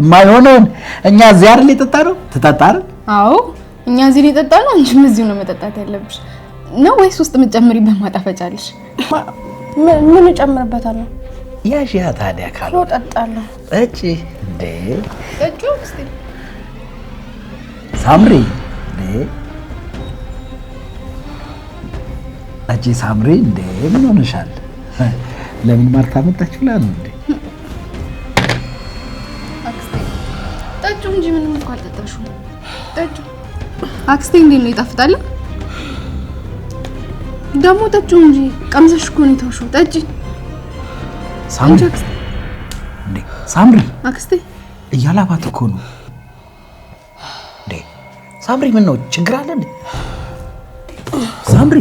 የማይሆነውን እኛ እዚህ አይደል የጠጣነው? ትጠጣ አይደል? አዎ እኛ እዚህ ነው። አንቺም እዚሁ ነው መጠጣት ያለብሽ ነው ወይስ ውስጥ የምትጨምሪበት ማጣፈጫለሽ? ምን እጨምርበታለሁ? ያሽ ያ ታዲያ ካለ እጠጣለሁ። እጪ እንዴ ጠጪ እስቲ ሳምሪ እንዴ እጪ ሳምሪ እንዴ ምን ሆነሻል? ለምን ማርታ መጣች ብላ ነው እንዴ? አክስቴ ጠጪው እንጂ ምንም እኮ አልጠጣሽም። ጠጪው አክስቴ። እንዴት ነው ይጣፍጣል? ደግሞ ጠጪው እንጂ ቀምሰሽ እኮ ነው የተውሽው። ጠጪ ሳምሪ እንዴ ሳምሪ አክስቴ እያላባት እኮ ነው እንዴ ሳምሪ። ምን ነው ችግር አለ እንዴ ሳምሪ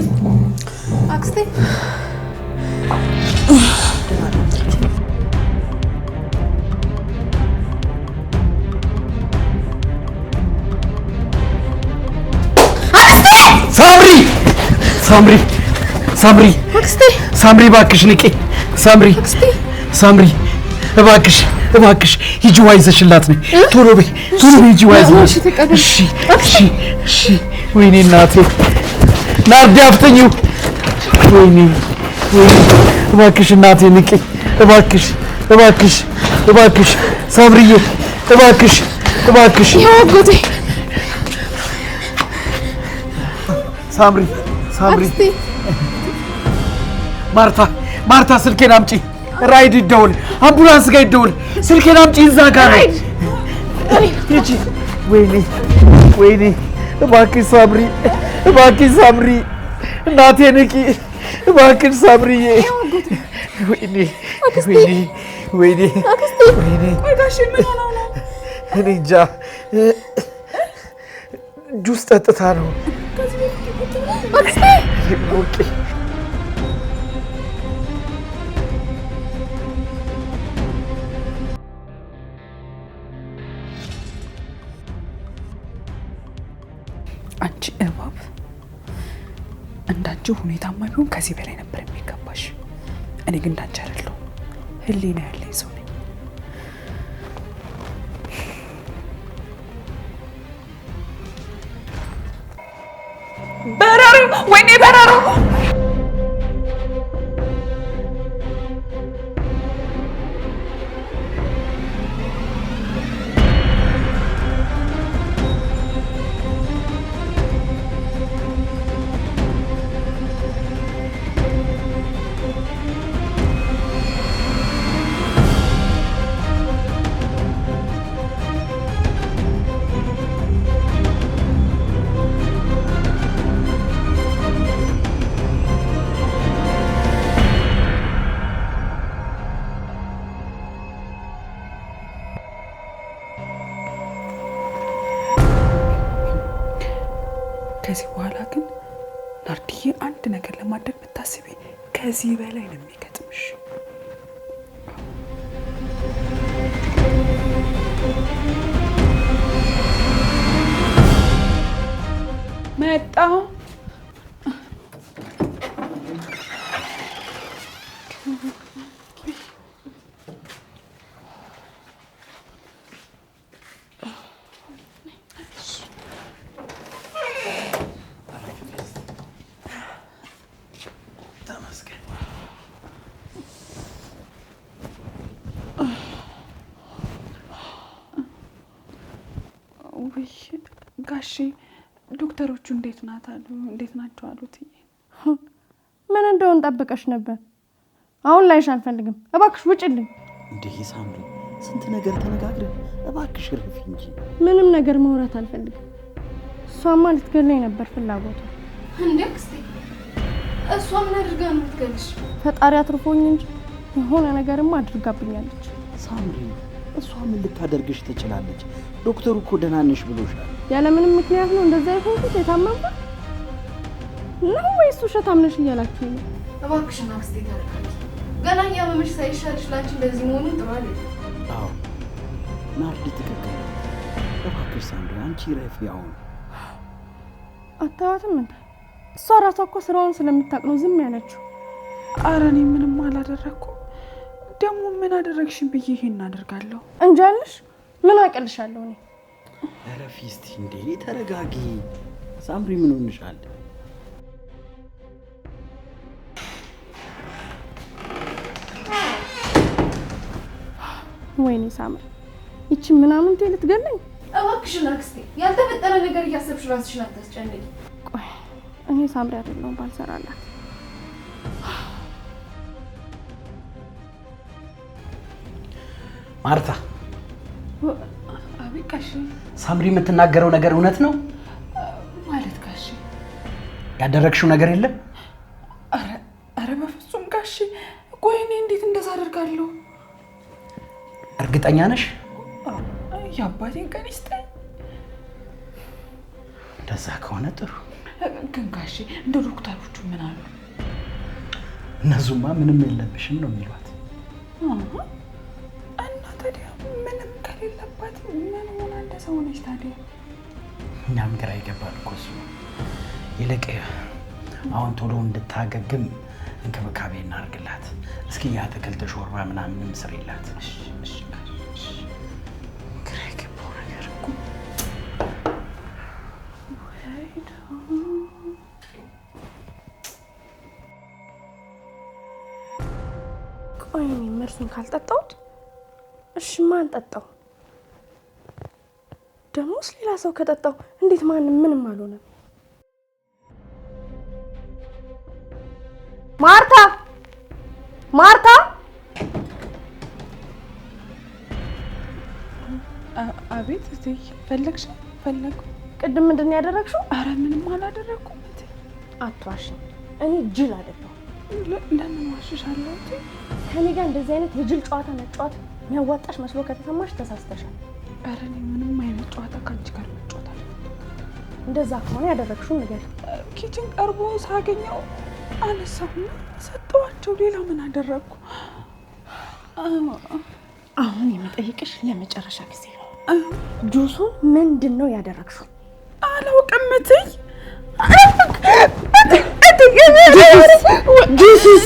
አክስቴ? ሳምሪ ሳምሪ ሳምሪ እባክሽ ንቄ ሳምሪ ሳምሪ እባክሽ እባክሽ ሂጂ ውሃ ይዘሽላት ነይ። ቶሎ በይ ቶሎ ሂጂ ውሃ ይዘሽ። እሺ እሺ ወይኔ እናቴ ናርዲ አፍጥኚው። ወይኔ ወይኔ። እባክሽ እናቴ ንቄ እባክሽ እባክሽ እባክሽ ሳምሪዬ እባክሽ እባክሽ። ሳምሪ ሳምሪ፣ ማርታ፣ ማርታ ስልኬን አምጪ። ራይድ ይደውል፣ አምቡላንስ ጋር ይደውል። ስልኬን አምጪ፣ እዛ ጋር ነው። ወይኔ ወይኔ! እባክሽ ሳምሪ፣ እባክሽ ሳምሪ፣ እናቴ ንቂ፣ እባክሽ ሳምሪዬ። ወይኔ ወይኔ ወይኔ ወይኔ! እኔ እንጃ፣ ጁስ ጠጥታ ነው አክስቴ አንቺ እባብ እንዳንቺ ሁኔታማ ቢሆን ከዚህ በላይ ነበር የሚገባሽ። እኔ ግን እንዳንቺ አይደለሁም። ህሊና ያለኝ ሰው ነኝ። whenever ከዚህ በላይ ነው። ውይ ጋሼ ዶክተሮቹ እንዴት ናት አሉ? እንዴት ናቸው አሉት። ምን እንደሆን ጠብቀሽ ነበር? አሁን ላይሽ አልፈልግም፣ እባክሽ ውጭልኝ። እንዴ ሳምሪ፣ ስንት ነገር ተነጋግረን፣ እባክሽ እረፊ እንጂ። ምንም ነገር መውራት አልፈልግም። እሷማ ልትገለኝ ነበር ፍላጎቷ። እንዴ እሷ ምን አድርጋ ነው የምትገልሽ? ፈጣሪ አትርፎኝ እንጂ የሆነ ነገርማ አድርጋብኛለች። ሳምሪ፣ እሷ ምን ልታደርግሽ ትችላለች? ዶክተሩ እኮ ደህና ነሽ ብሎሻል። ያለምንም ምክንያት ነው እንደዛ የሆንኩት። የታመምኩት ነው ወይስ ውሸታም ነሽ እያላችሁ ነው? እባክሽና አክስቴ ታረቃለች። ገና እያመመሽ ሳይሻልሽ ላንቺ እንደዚህ መሆኑን ጥሩ አለ። አዎ ናርዲ ትክክል። እባክሽ ሳምሪ፣ አንቺ ረፊ አሁን አታዋትም እንደ እሷ ራሷ እኮ ስራውን ስለምታውቅ ነው ዝም ያለችው። አረ እኔ ምንም አላደረግኩ። ደግሞ ምን አደረግሽን ብዬ ይሄን እናደርጋለሁ እንጃልሽ። ምን አቅልሻለሁ እኔ። ኧረ ፊስቲ እንዴ ተረጋጊ። ሳምሪ ምን ሆንሻል? ወይኔ ሳምሪ ይቺ ምናምን ልትገለኝ። እባክሽን አክስቴ፣ ያልተፈጠረ ነገር እያሰብሽ ራስሽን አታስጨንቂ። ቆይ እኔ ሳምሪ አይደለሁም ባልሰራላት። ማርታ አቤት ጋሽ ሳምሪ የምትናገረው ነገር እውነት ነው ማለት ጋሽ ያደረግሽው ነገር የለም? አረ በፍጹም ጋሽ ቆይ እኔ እንዴት እንደዛ አደርጋለሁ? እርግጠኛ ነሽ? የአባቴን ቀን ይስጠኝ። እንደዛ ከሆነ ጥሩ ግን ጋሼ እንደ ዶክተሮቹ ምን አሉ? እነሱማ ምንም የለብሽም ነው የሚሏት። እና ታዲያ ምንም ከሌለባት ምን ሆና እንደ ሰው ነች ታዲያ? እኛም ግራ ይገባል እኮ እሱ። ይልቅ አሁን ቶሎ እንድታገግም እንክብካቤ እናርግላት። እስኪ አትክልት ሾርባ ምናምንም ስሪላት። ወይም እርሱን መርዙን ካልጠጣሁት እሺ ማን ጠጣው? ደግሞስ ሌላ ሰው ከጠጣው እንዴት ማንም ምንም አልሆነም። ማርታ ማርታ፣ አቤት። እዚህ ፈለግሽ? ፈለግኩ። ቅድም ምንድን ነው ያደረግሽው? አረ ምንም አላደረኩም። አትዋሽኝ። እኔ ጅል አይደለሁም። ለምን ዋሽሻለሁ? ከኔ ጋር እንደዚህ አይነት የጅል ጨዋታ መጫወት የሚያዋጣሽ መስሎ ከተሰማሽ ተሳስተሻል። ኧረ እኔ ምንም አይነት ጨዋታ ከአንቺ ጋር መጫወታል። እንደዛ ከሆነ ያደረግሽው ነገር ኪችን ቀርቦ ሳገኘው አነሳሁና ሰጠዋቸው። ሌላ ምን አደረግኩ? አሁን የምጠይቅሽ ለመጨረሻ ጊዜ ነው። ጁሱን ምንድን ነው ያደረግሽው? አላውቅም እትይ ጁሱስ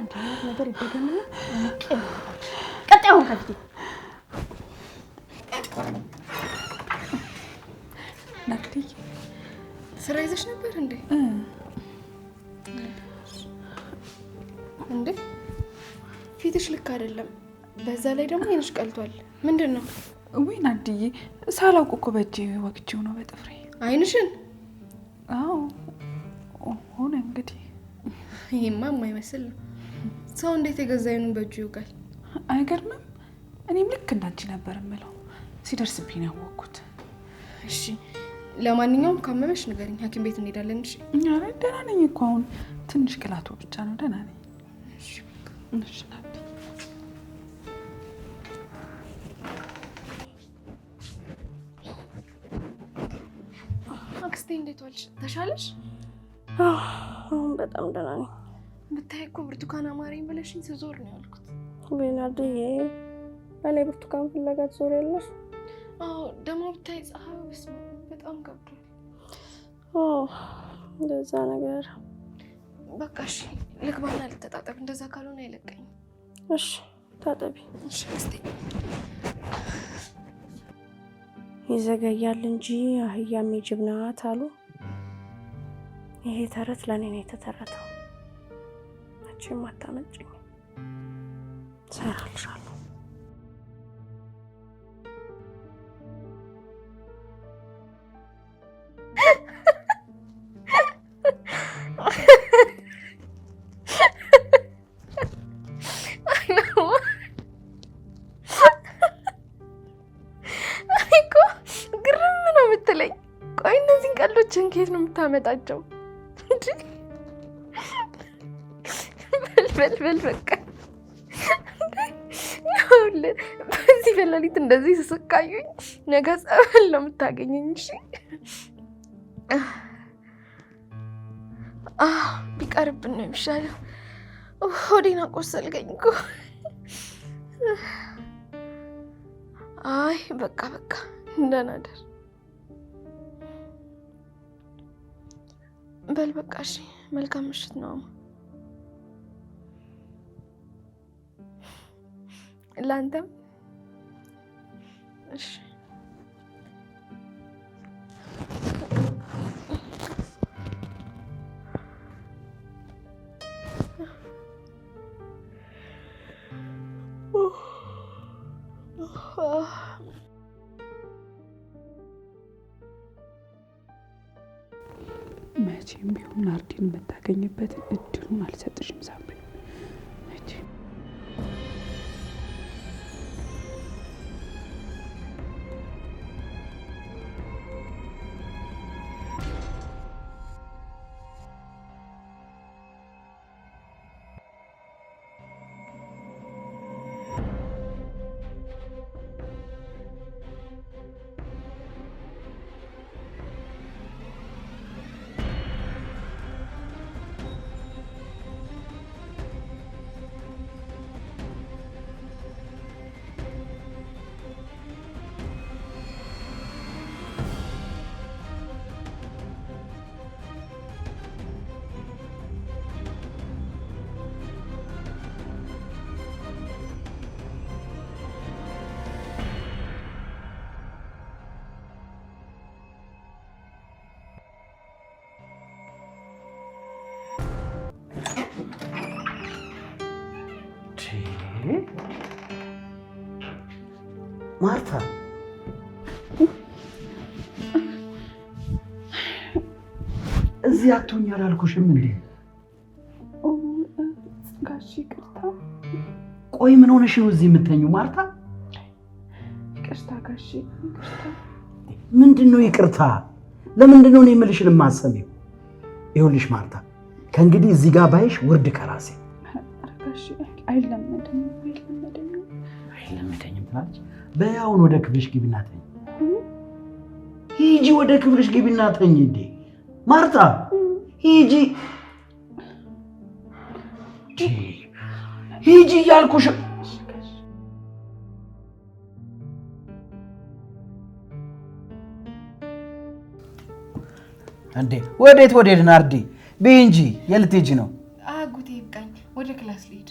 አንድ ነገር ይደገምና ቀጣዩን ከፊቴ ናክቲ ስራ ይዘሽ ነበር እንዴ? እንዴ ፊትሽ ልክ አይደለም። በዛ ላይ ደግሞ አይንሽ ቀልቷል። ምንድን ነው? ወይ ናድዬ፣ ሳላውቅ እኮ በእጄ ወግቼው ነው በጥፍሬ። ዓይንሽን? አዎ ሆነ እንግዲህ። ይሄማ የማይመስል ነው። ሰው እንዴት የገዛ አይኑን በእጁ ይውቃል? አይገርምም። እኔም ልክ እንዳንቺ ነበር የምለው፣ ሲደርስብኝ ነው ያወቅኩት። እሺ፣ ለማንኛውም ካመመሽ ንገሪኝ፣ ሐኪም ቤት እንሄዳለን። እሺ። ኧረ ደህና ነኝ እኮ አሁን፣ ትንሽ ቅላቶ ብቻ ነው። ደህና ነኝ። አክስቴ፣ እንዴት ዋልሽ? ተሻለሽ? አሁን በጣም ደህና ነኝ። ብታይ እኮ ብርቱካን አማረኝ ብለሽኝ ስዞር ነው ያልኩት። ቤናድዬ እኔ ብርቱካን ፍለጋ ትዞር ያለሽ? አዎ ደግሞ ብታይ ፀሐይ በስመ አብ በጣም ገብዷል። እንደዛ ነገር በቃ እሺ፣ ልግባና ልተጣጠብ። እንደዛ ካልሆነ አይለቀኝም። እሺ ታጠቢ። እሺ እስቲ ይዘገያል እንጂ አህያም የጅብ ናት አሉ። ይሄ ተረት ለእኔ ነው የተተረተው። መቼም አታመጭኝ። ሰራልሻለሁ። ነው የምትለኝ። ቆይ እነዚህን ቀልዶችን ከየት ነው የምታመጣቸው? በልበል በቃ በዚህ በሌሊት እንደዚህ ስስቃዩኝ ነገ ጸበል ነው የምታገኘኝ። እሺ ቢቀርብን ነው የሚሻለው። ሆዴን አቆሰልገኝ እኮ። አይ በቃ በቃ እንደናደር በል በቃ። እሺ መልካም ምሽት ነው። ለአንተም መቼም ቢሆን ናርዲን የምታገኝበትን እድሉን አልሰጥሽም ሳሚ ማርታ እዚህ አትሆኝ አላልኩሽም እንዴ? ጋሽ ይቅርታ። ቆይ ምን ሆነሽ ነው እዚህ የምተኙ ማርታ? ይቅርታ ጋሽ ይቅርታ። ምንድን ነው ይቅርታ? ለምንድን ነው እኔ የምልሽን የማሰሚው? ይኸውልሽ ማርታ፣ ከእንግዲህ እዚህ ጋር ባይሽ ውርድ ከራሴ አይለመደኝም አይለመደኝም አይለመደኝም በያውን ወደ ክፍልሽ ግቢና ተኝ። ሂጂ፣ ወደ ክፍልሽ ግቢና ተኝ። እንዴ ማርታ ሂጂ፣ ሂጂ እያልኩሽ እንዴ ወዴት ወዴት? ናርዲ ብይ እንጂ የት ነው? አጉቴ ይብቃኝ፣ ወደ ክላስ ልሂድ።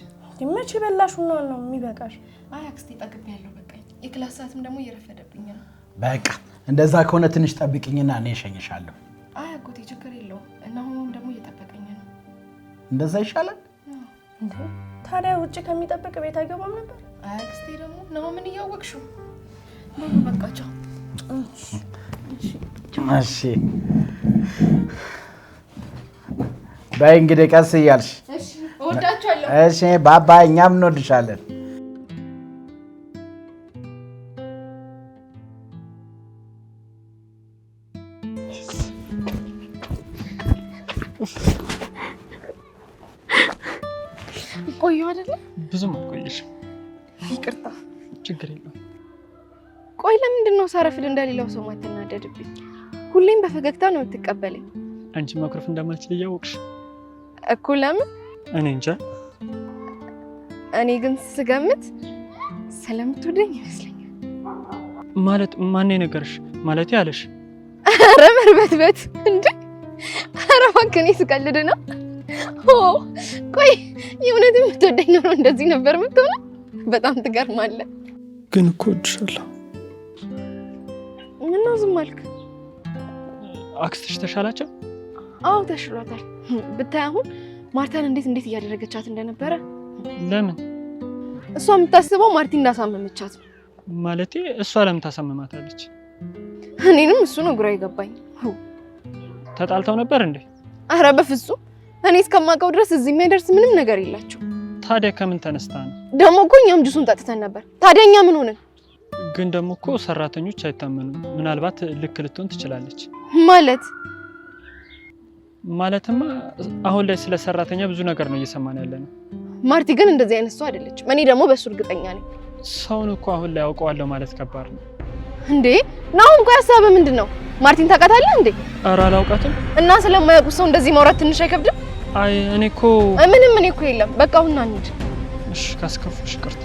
መቼ በላሽ? ነው የሚበቃሽ? አክስቴ ጠግቤያለሁ። የክላስ ሰዓትም ደግሞ እየረፈደብኝ ነው። በቃ እንደዛ ከሆነ ትንሽ ጠብቅኝና እኔ እሸኝሻለሁ። አይ አጎቴ ችግር የለው እና አሁን ደግሞ እየጠበቀኝ ነው። እንደዛ ይሻላል። ታዲያ ውጭ ከሚጠብቅ ቤት አይገባም ነበር? አይ አክስቴ ደግሞ ነው ምን እያወቅሽው ነው? በቃቸው። እሺ በይ እንግዲህ ቀስ እያልሽ እሺ፣ እወዳችኋለሁ። እሺ ባባ፣ እኛም እንወድሻለን። ሰው ማትናደድብኝ፣ ሁሌም በፈገግታ ነው የምትቀበለኝ። አንቺ ማኩረፍ እንደማልችል እያወቅሽ እኮ ለምን? እኔ እንጃ። እኔ ግን ስገምት ስለምትወደኝ ይመስለኛል። ማለት ማነው የነገርሽ? ማለት ያለሽ? ኧረ መርበትበት እንዴ! ኧረ እባክህ እኔ ስቀልድ ነው። ቆይ የእውነት የምትወደኝ ኖሮ እንደዚህ ነበር የምትሆነው? በጣም ትገርማለህ። ግን እኮ እወድሻለሁ ዝም አልክ? አክስትሽ ተሻላቸው? አዎ ተሽሏታል። ብታይ አሁን ማርታን እንዴት እንዴት እያደረገቻት እንደነበረ። ለምን? እሷ የምታስበው ማርቲ እንዳሳመመቻት ማለቴ እሷ ለምን ታሳምማታለች? እኔንም እሱ ነው ግራ የገባኝ። ተጣልተው ነበር እንዴ? አረ በፍጹም እኔ እስከማውቀው ድረስ እዚህ የሚያደርስ ምንም ነገር የላቸው። ታዲያ ከምን ተነስታ ነው? ደግሞ እኮ እኛም ጁሱን ጠጥተን ነበር። ታዲያ እኛ ምን ሆነን ግን ደግሞ እኮ ሰራተኞች አይታመኑም። ምናልባት ልክ ልትሆን ትችላለች። ማለት ማለትማ አሁን ላይ ስለ ሰራተኛ ብዙ ነገር ነው እየሰማን ያለ ነው። ማርቲ ግን እንደዚህ አይነት ሰው አይደለች። እኔ ደግሞ በእሱ እርግጠኛ ነኝ። ሰውን እኮ አሁን ላይ አውቀዋለሁ ማለት ከባድ ነው። እንዴ ናሁን፣ ቆይ ያሳበ ምንድን ነው? ማርቲን ታውቃታለህ እንዴ? ኧረ አላውቃትም። እና ስለማያውቁ ሰው እንደዚህ ማውራት ትንሽ አይከብድም? አይ እኔ እኮ ምንም እኔ እኮ የለም። በቃ አሁን እንሂድ። እሺ፣ ካስከፉሽ ይቅርታ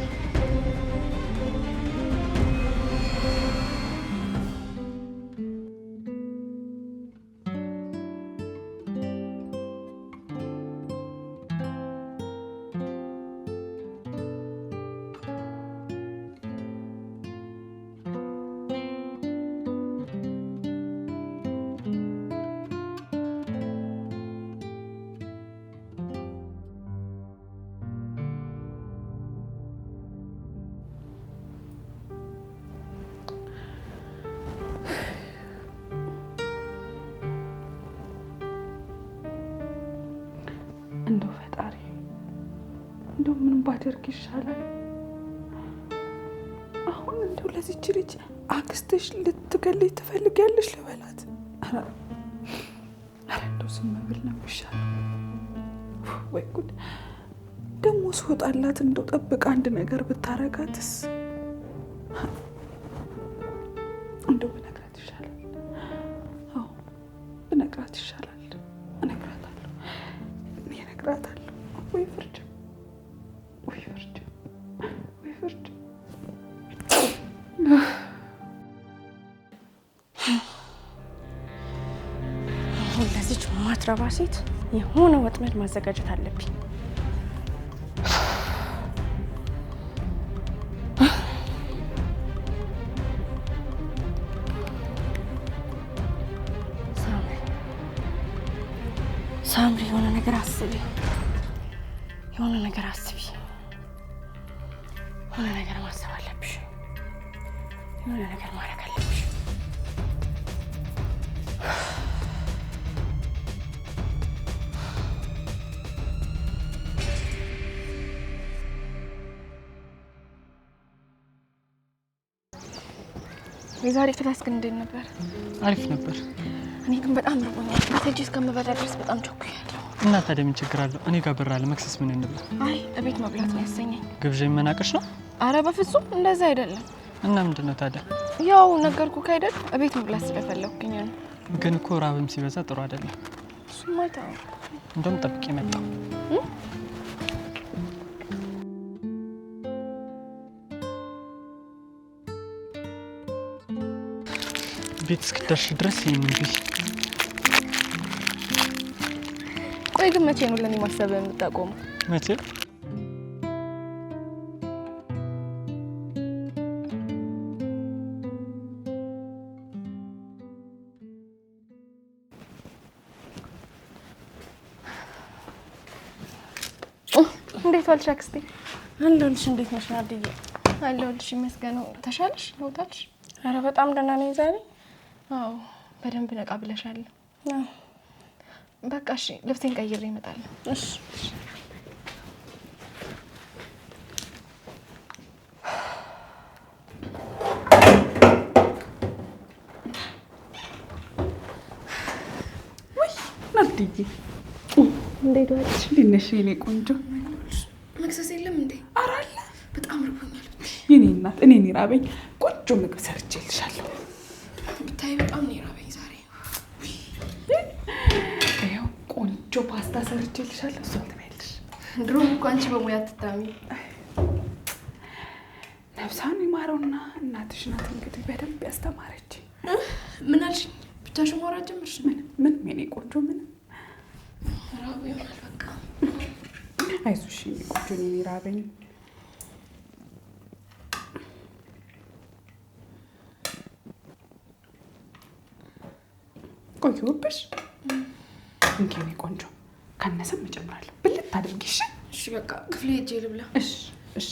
ባደርግ ይሻላል። አሁን እንደው ለዚች ልጅ አክስትሽ ልትገልይ ትፈልጊያለሽ ልበላት? ኧረ እንደው ስመብል ነው ይሻላል። ወይ ጉድ ደግሞ ስወጣላት እንደው ጠብቅ አንድ ነገር ብታረጋትስ የምትረባ ሴት የሆነ ወጥመድ ማዘጋጀት አለብኝ። የዛሬ ክላስ ግን እንዴት ነበር? አሪፍ ነበር። እኔ ግን በጣም ርቦኛል። ቴጂ እስከምበላ ድረስ በጣም ቸኩያለሁ። እና ታዲያ ምን ችግር አለው? እኔ ጋር ብር አለ። መክሰስ ምን እንብላ? አይ እቤት መብላት ነው ያሰኘኝ። ግብዣ የመናቀሽ ነው? አረ በፍጹም እንደዛ አይደለም። እና ምንድን ነው ታዲያ? ያው ነገርኩ ካይደል እቤት መብላት ስለፈለኩኝ ነው። ግን እኮ ራብም ሲበዛ ጥሩ አይደለም። እሱማ ተው። እንደውም ጠብቄ መጣሁ። ቤት እስክደርሽ ድረስ ይሄን ቆይ ግን መቼ ነው ለኔ ማሰብ የምታቆመው? መቼ እንዴት ዋልሽ አክስቴ? አለሁልሽ። እንዴት ነሽ ናድዬ? አለሁልሽ። ይመስገነው። ተሻለሽ? ለውጣልሽ? አረ በጣም ደህና ነኝ ዛሬ አዎ በደንብ ነቃ ብለሻል። በቃ እሺ፣ ልብሴን ቀይሬ ይመጣል። እሺ እንዴት ዋልሽ? እንዴት ነሽ የኔ ቆንጆ? መክሰስ የለም እንዴ? ኧረ አለ። በጣም ርቦኛል። የኔ እናት፣ እኔ እራበኝ። ቆንጆ ምግብ ሰርቼ ቆንጆ ፓስታ ሰርቼልሻለሁ፣ እሷን ትበይልሽ። ድሮም እኮ አንቺ በሙያ ትታሚ ነብሳን ይማረውና እናትሽ ናት እንግዲህ በደንብ ያስተማረች። ምን አልሽኝ? ብቻሽን ማውራት ጀመርሽ? ምንም ምንም፣ የኔ ቆንጆ ምንም። ራብ ይሆናል በቃ። አይዞሽ የኔ ቆንጆ፣ እኔ ራበኝ። ቆየሁብሽ እንኪ የኔ ቆንጆ ካነሰም እጨምራለሁ። ብልት አድርጊ እሺ። እሺ በቃ ክፍሌ ሄጄ ልብላ። እሺ እሺ።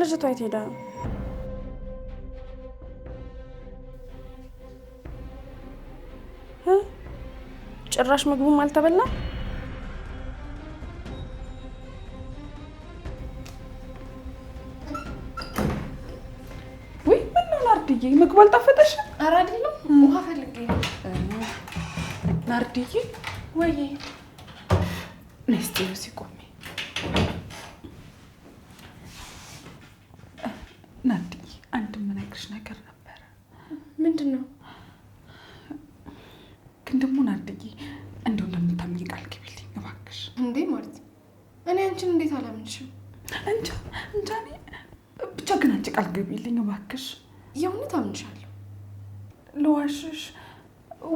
ልጅቷ የት ሄዳ ነው? ጭራሽ ምግቡም አልተበላም። ምግብ አልጣፈጠሽ? ኧረ አይደለም፣ ውሃ ፈልጌ ናርድዬ። ወይዬ ነስቴ ሲቆሜ ናርድዬ፣ አንድ የምነግርሽ ነገር ነበረ። ምንድን ነው? ግን ደግሞ ናርድዬ እንደው እንደምታምኝ ቃል ግቢልኝ እባክሽ። እንዴ ማለት እኔ አንቺን እንዴት አላምንሽም? እንጃ እንጃ። ብቻ ግን አንቺ ቃል ግቢልኝ እባክሽ። የእውነት አምንሻለሁ። ለዋሽሽ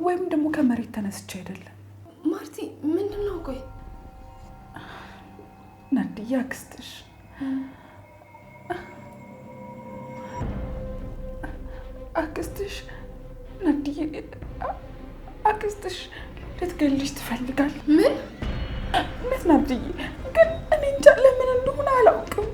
ወይም ደግሞ ከመሬት ተነስቼ አይደለም። ማርቲ ምንድን ነው? ቆይ ናድዬ አክስትሽ አክስትሽ ናድዬ አክስትሽ ልትገልሽ ትፈልጋል። ምን እውነት ናድዬ ግን እኔ እንጃ ለምን እንደሆነ አላውቅም።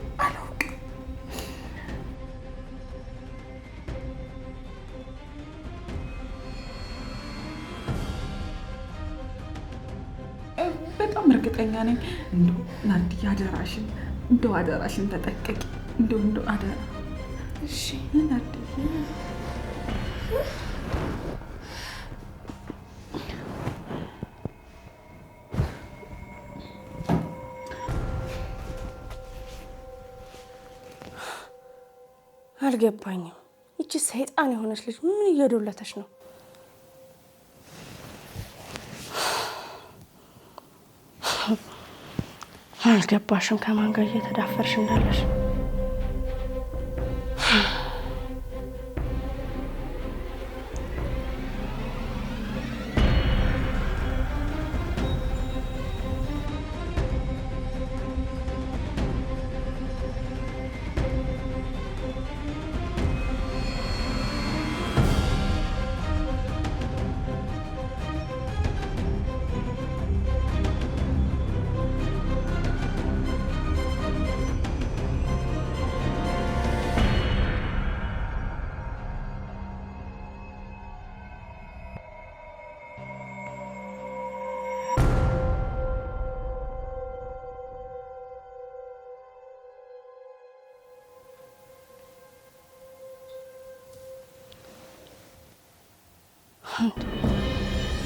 እርግጠኛ ነኝ። እንዶ ናዲ አደራሽን፣ እንዶ አደራሽን ተጠቀቂ። እንዶ እንዶ አደራ እሺ ናርዲዬ። አልገባኝም። ይቺ ሰይጣን የሆነች ልጅ ምን እየዶለተች ነው? አልገባሽም ከማን ጋር እየተዳፈርሽ እንዳለሽ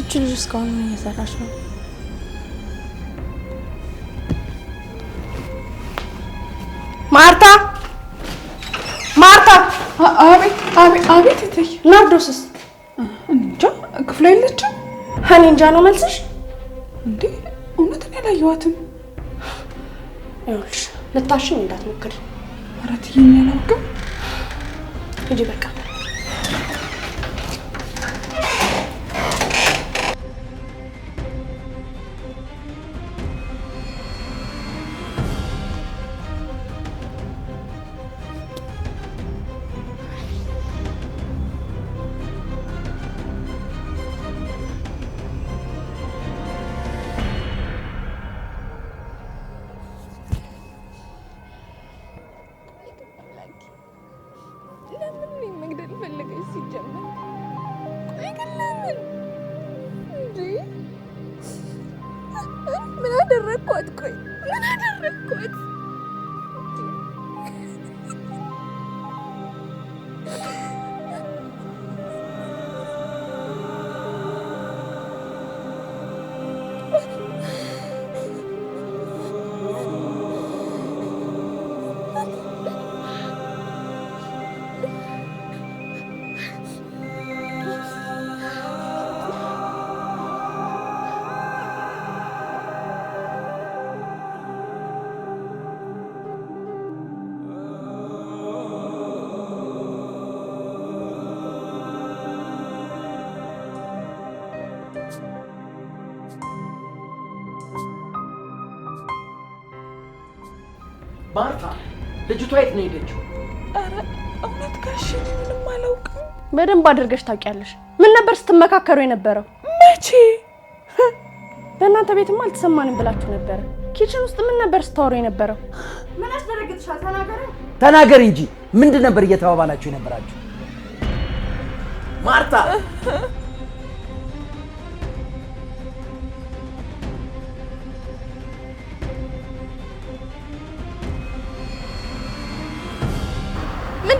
እች ልጅ እስካሁን ምን እየሰራች ነው? ማርታ ማርታ! አቤት አቤት እትዬ ናርዶስስ? እንጃ ክፍል የለችም። እኔ እንጃ ነው መልስሽ? እንዴ እውነት እኔ አላየኋትም። ይኸውልሽ ልታሽኝ እንዳትሞክሪ። ኧረ እትዬ እኔ አላውቅም። ሂጂ በቃ надо ракоткой. Не надо ракоткой. ማርታ፣ ልጅቷ የት ነው ሄደችው? ኧረ እውነት ጋሽ ምንም አላውቅም። በደንብ አድርገሽ ታውቂያለሽ። ምን ነበር ስትመካከሩ የነበረው? መቼ በእናንተ ቤትማ አልተሰማንም ብላችሁ ነበረ። ኪችን ውስጥ ምን ነበር ስታወሩ የነበረው? ምን አስደረግጥሻል? ተናገር ተናገር እንጂ ምንድን ነበር እየተባባላችሁ የነበራችሁ? ማርታ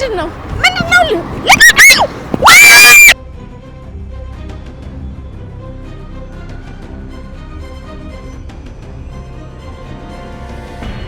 ምንድን ነው ምንድን ነው